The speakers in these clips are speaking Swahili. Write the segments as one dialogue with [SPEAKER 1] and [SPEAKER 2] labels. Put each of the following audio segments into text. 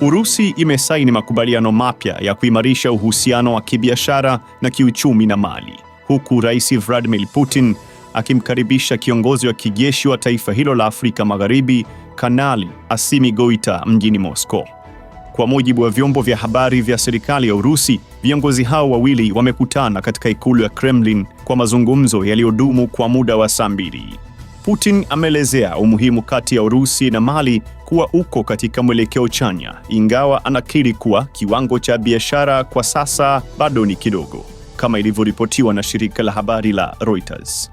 [SPEAKER 1] Urusi imesaini makubaliano mapya ya kuimarisha uhusiano wa kibiashara na kiuchumi na Mali, huku Rais Vladimir Putin akimkaribisha kiongozi wa kijeshi wa taifa hilo la Afrika Magharibi, Kanali asimi Goita mjini Moscow. Kwa mujibu wa vyombo vya habari vya serikali ya Urusi, viongozi hao wawili wamekutana katika ikulu ya Kremlin kwa mazungumzo yaliyodumu kwa muda wa saa mbili. Putin ameelezea umuhimu kati ya Urusi na Mali kuwa uko katika mwelekeo chanya, ingawa anakiri kuwa kiwango cha biashara kwa sasa bado ni kidogo, kama ilivyoripotiwa na shirika la habari la Reuters.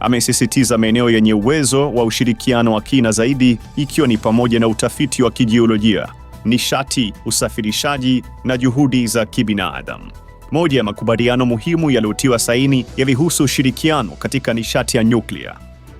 [SPEAKER 1] Amesisitiza maeneo yenye uwezo wa ushirikiano wa kina zaidi, ikiwa ni pamoja na utafiti wa kijiolojia, nishati, usafirishaji na juhudi za kibinadamu. Moja ya makubaliano muhimu yaliyotiwa saini yalihusu ushirikiano katika nishati ya nyuklia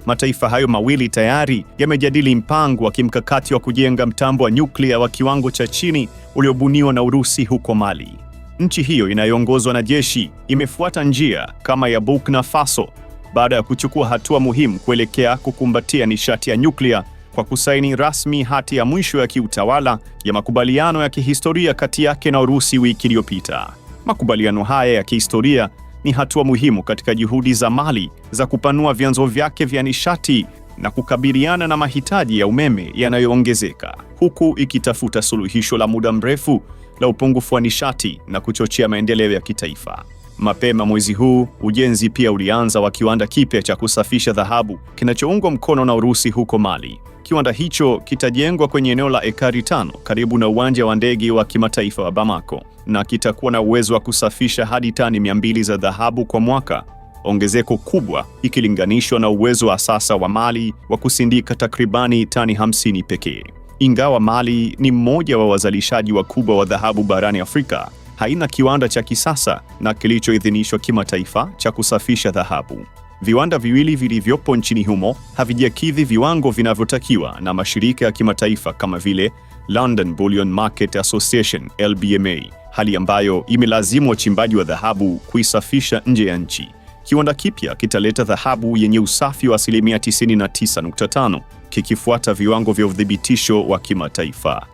[SPEAKER 1] mataifa hayo mawili tayari yamejadili mpango wa kimkakati wa kujenga mtambo wa nyuklia wa kiwango cha chini uliobuniwa na Urusi huko Mali. Nchi hiyo inayoongozwa na jeshi imefuata njia kama ya Burkina Faso baada ya kuchukua hatua muhimu kuelekea kukumbatia nishati ya nyuklia kwa kusaini rasmi hati ya mwisho ya kiutawala ya makubaliano ya kihistoria kati yake na Urusi wiki iliyopita. Makubaliano haya ya kihistoria ni hatua muhimu katika juhudi za Mali za kupanua vyanzo vyake vya nishati na kukabiliana na mahitaji ya umeme yanayoongezeka, huku ikitafuta suluhisho la muda mrefu la upungufu wa nishati na kuchochea maendeleo ya kitaifa. Mapema mwezi huu, ujenzi pia ulianza wa kiwanda kipya cha kusafisha dhahabu kinachoungwa mkono na Urusi huko Mali. Kiwanda hicho kitajengwa kwenye eneo la ekari tano karibu na uwanja wa ndege wa kimataifa wa Bamako na kitakuwa na uwezo wa kusafisha hadi tani 200 za dhahabu kwa mwaka, ongezeko kubwa ikilinganishwa na uwezo wa sasa wa Mali wa kusindika takribani tani 50 pekee. Ingawa Mali ni mmoja wa wazalishaji wakubwa wa dhahabu barani Afrika, haina kiwanda cha kisasa na kilichoidhinishwa kimataifa cha kusafisha dhahabu viwanda viwili vilivyopo nchini humo havijakidhi viwango vinavyotakiwa na mashirika ya kimataifa kama vile London Bullion Market Association LBMA, hali ambayo imelazimu wachimbaji wa dhahabu kuisafisha nje ya nchi. Kiwanda kipya kitaleta dhahabu yenye usafi wa asilimia 99.5 kikifuata viwango vya uthibitisho wa kimataifa.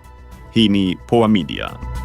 [SPEAKER 1] Hii ni Poa Media.